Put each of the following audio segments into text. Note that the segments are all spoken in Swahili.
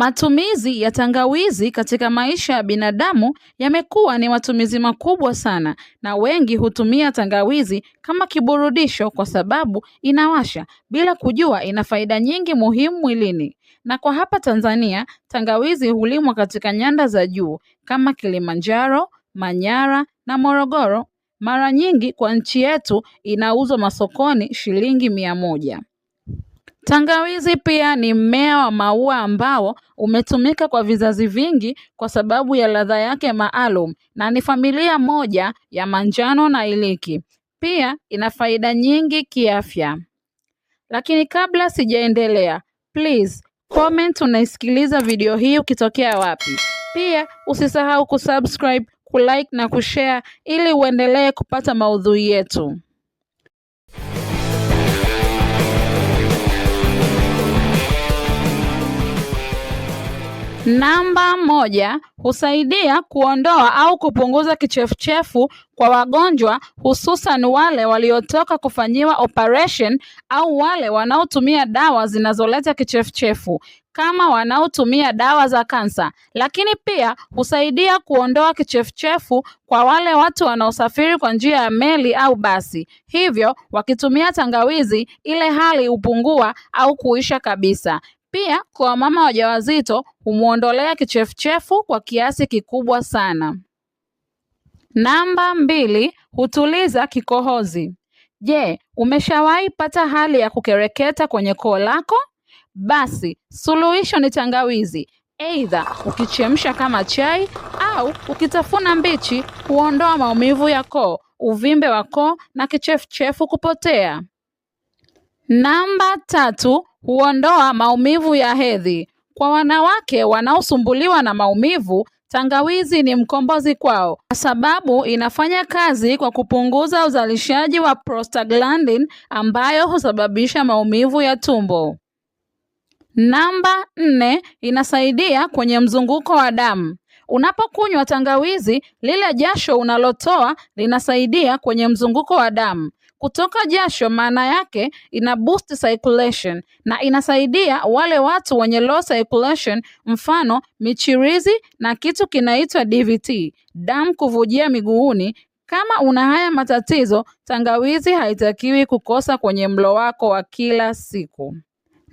Matumizi ya tangawizi katika maisha ya binadamu yamekuwa ni matumizi makubwa sana, na wengi hutumia tangawizi kama kiburudisho kwa sababu inawasha bila kujua ina faida nyingi muhimu mwilini. Na kwa hapa Tanzania, tangawizi hulimwa katika nyanda za juu kama Kilimanjaro, Manyara na Morogoro. Mara nyingi kwa nchi yetu inauzwa masokoni shilingi mia moja. Tangawizi pia ni mmea wa maua ambao umetumika kwa vizazi vingi kwa sababu ya ladha yake maalum na ni familia moja ya manjano na iliki. Pia ina faida nyingi kiafya. Lakini kabla sijaendelea, please comment unaisikiliza video hii ukitokea wapi. Pia usisahau kusubscribe, kulike na kushare ili uendelee kupata maudhui yetu. Namba moja, husaidia kuondoa au kupunguza kichefuchefu kwa wagonjwa hususan wale waliotoka kufanyiwa operation au wale wanaotumia dawa zinazoleta kichefuchefu kama wanaotumia dawa za kansa, lakini pia husaidia kuondoa kichefuchefu kwa wale watu wanaosafiri kwa njia ya meli au basi. Hivyo wakitumia tangawizi ile hali hupungua au kuisha kabisa. Pia kwa wamama wajawazito humwondolea kichefuchefu kwa kiasi kikubwa sana. Namba mbili, hutuliza kikohozi. Je, umeshawahi pata hali ya kukereketa kwenye koo lako? Basi suluhisho ni tangawizi. Aidha ukichemsha kama chai au ukitafuna mbichi, huondoa maumivu ya koo, uvimbe wa koo na kichefuchefu kupotea. Namba tatu, Huondoa maumivu ya hedhi. Kwa wanawake wanaosumbuliwa na maumivu, tangawizi ni mkombozi kwao, kwa sababu inafanya kazi kwa kupunguza uzalishaji wa prostaglandin ambayo husababisha maumivu ya tumbo. Namba nne, inasaidia kwenye mzunguko wa damu. Unapokunywa tangawizi, lile jasho unalotoa linasaidia kwenye mzunguko wa damu. Kutoka jasho maana yake ina boost circulation na inasaidia wale watu wenye low circulation, mfano michirizi na kitu kinaitwa DVT, damu kuvujia miguuni. Kama una haya matatizo, tangawizi haitakiwi kukosa kwenye mlo wako wa kila siku.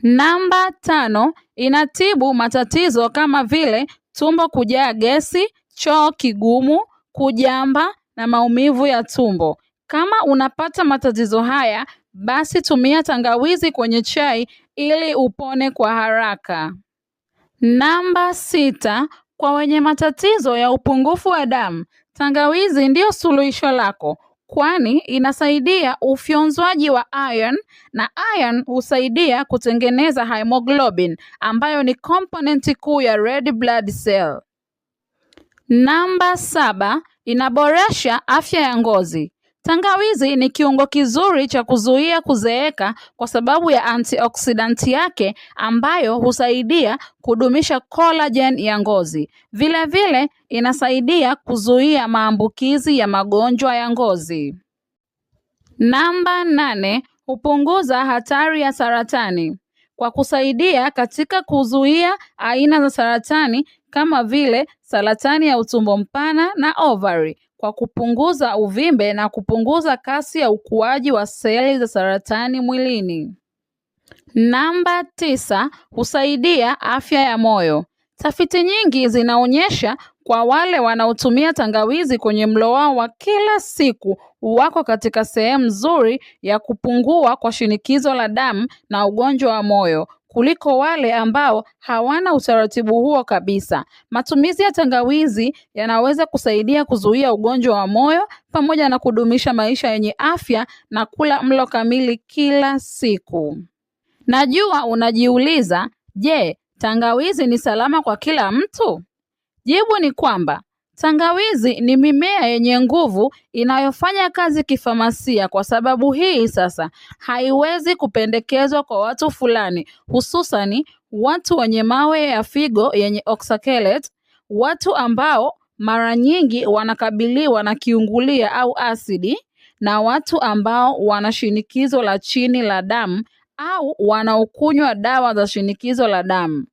Namba tano, inatibu matatizo kama vile tumbo kujaa gesi, choo kigumu, kujamba na maumivu ya tumbo. Kama unapata matatizo haya, basi tumia tangawizi kwenye chai ili upone kwa haraka. Namba sita, kwa wenye matatizo ya upungufu wa damu, tangawizi ndiyo suluhisho lako kwani inasaidia ufyonzwaji wa iron na iron husaidia kutengeneza hemoglobin ambayo ni komponenti kuu ya red blood cell. Namba saba, inaboresha afya ya ngozi. Tangawizi ni kiungo kizuri cha kuzuia kuzeeka kwa sababu ya antioksidanti yake ambayo husaidia kudumisha collagen ya ngozi. Vilevile inasaidia kuzuia maambukizi ya magonjwa ya ngozi. Namba nane, hupunguza hatari ya saratani kwa kusaidia katika kuzuia aina za saratani kama vile saratani ya utumbo mpana na ovary kwa kupunguza uvimbe na kupunguza kasi ya ukuaji wa seli za saratani mwilini. Namba tisa, husaidia afya ya moyo. Tafiti nyingi zinaonyesha kwa wale wanaotumia tangawizi kwenye mlo wao wa kila siku wako katika sehemu nzuri ya kupungua kwa shinikizo la damu na ugonjwa wa moyo, kuliko wale ambao hawana utaratibu huo kabisa. Matumizi ya tangawizi yanaweza kusaidia kuzuia ugonjwa wa moyo pamoja na kudumisha maisha yenye afya na kula mlo kamili kila siku. Najua unajiuliza, je, tangawizi ni salama kwa kila mtu? Jibu ni kwamba Tangawizi ni mimea yenye nguvu inayofanya kazi kifamasia kwa sababu hii sasa haiwezi kupendekezwa kwa watu fulani hususani watu wenye mawe ya figo yenye oxalate, watu ambao mara nyingi wanakabiliwa na kiungulia au asidi na watu ambao wana shinikizo la chini la damu au wanaokunywa dawa za shinikizo la damu.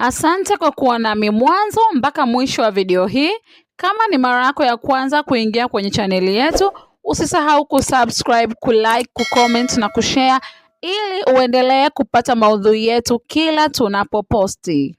Asante kwa kuwa nami mwanzo mpaka mwisho wa video hii. Kama ni mara yako ya kwanza kuingia kwenye chaneli yetu, usisahau kusubscribe, kulike, kucomment na kushare ili uendelee kupata maudhui yetu kila tunapoposti.